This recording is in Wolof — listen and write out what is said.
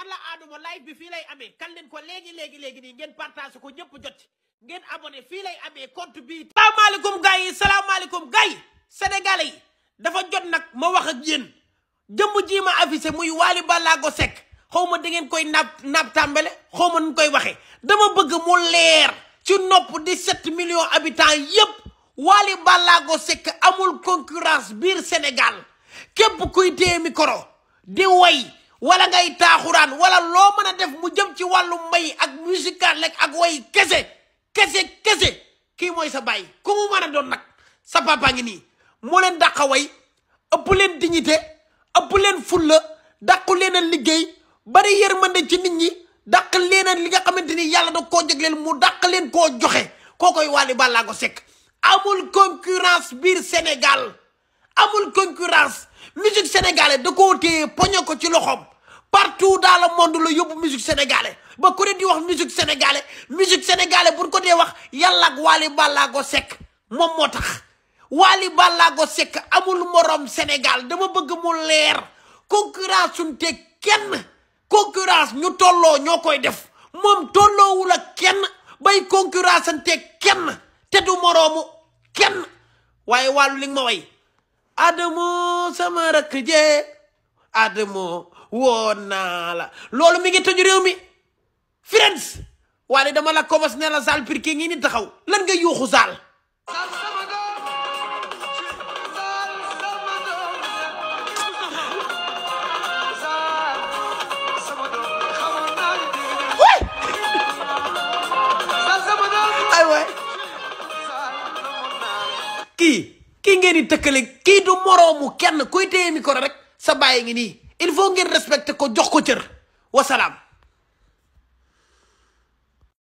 alla aaduma live bi fii lay amee kan leen ko léegi léegi léegi nii ngeen partage ko ñëpp jot ngeen abonné fii lay amee compte bi salaamaaleykum gars yi salaamaaleykum gars yi sénégalais dafa jot nag ma wax ak yéen jëmm jii ma affiché muy Wally Ballago sekk xaw ma da ngeen koy nap napp tàmbale xaw ma nu koy waxee dama bëgg mu leer ci nopp di sept millions habitants yépp Wally Ballago Seck amul concurrence biir Sénégal képp kuy téye micro di way wala ngay taaxuraan wala loo mën a def mu jëm ci wàllu mbay ak musical rek ak way kese kese kese kii mooy sa baay ku mu mën a doon nag sa papa ngi nii moo leen dàqa way ëpp leen dignité ëpp leen fulla dàqu leen a liggéey bari yërmande ci nit ñi dàq leen a li nga xamante ni yàlla da koo jagleel mu dàq leen koo joxe koo koy Wally Ballago Seck amul concurrence biir Sénégal amul concurrence musique sénégalais da koo téye poñe ko ci loxoom partout dans le monde la yóbbu musique sénégalais ba ku ne di wax musique sénégalais musique sénégalais buñ ko dee wax yàlla ak Wally Ballago moom moo tax Wally Ballago Seck amul morom Sénégal dama bëgg mu leer concurrence sunte kenn concurrence ñu tolloo ñoo koy def moom tolloowul ak kenn bay concurrence ante kenn te du moroomu kenn waaye wàllu li nga way Adamo sama rakk jee Adamo woon la loolu mi ngi toj réew mi friends waaye dama la commencé ne la Zal Pirki ngi ni taxaw lan nga yuuxu Zal kii kii ngeen di tëkkale kii du moroomu kenn kuy téye micro rek sa bàyyi ngi nii il faut ngeen respecter ko jox ko cër wasalaam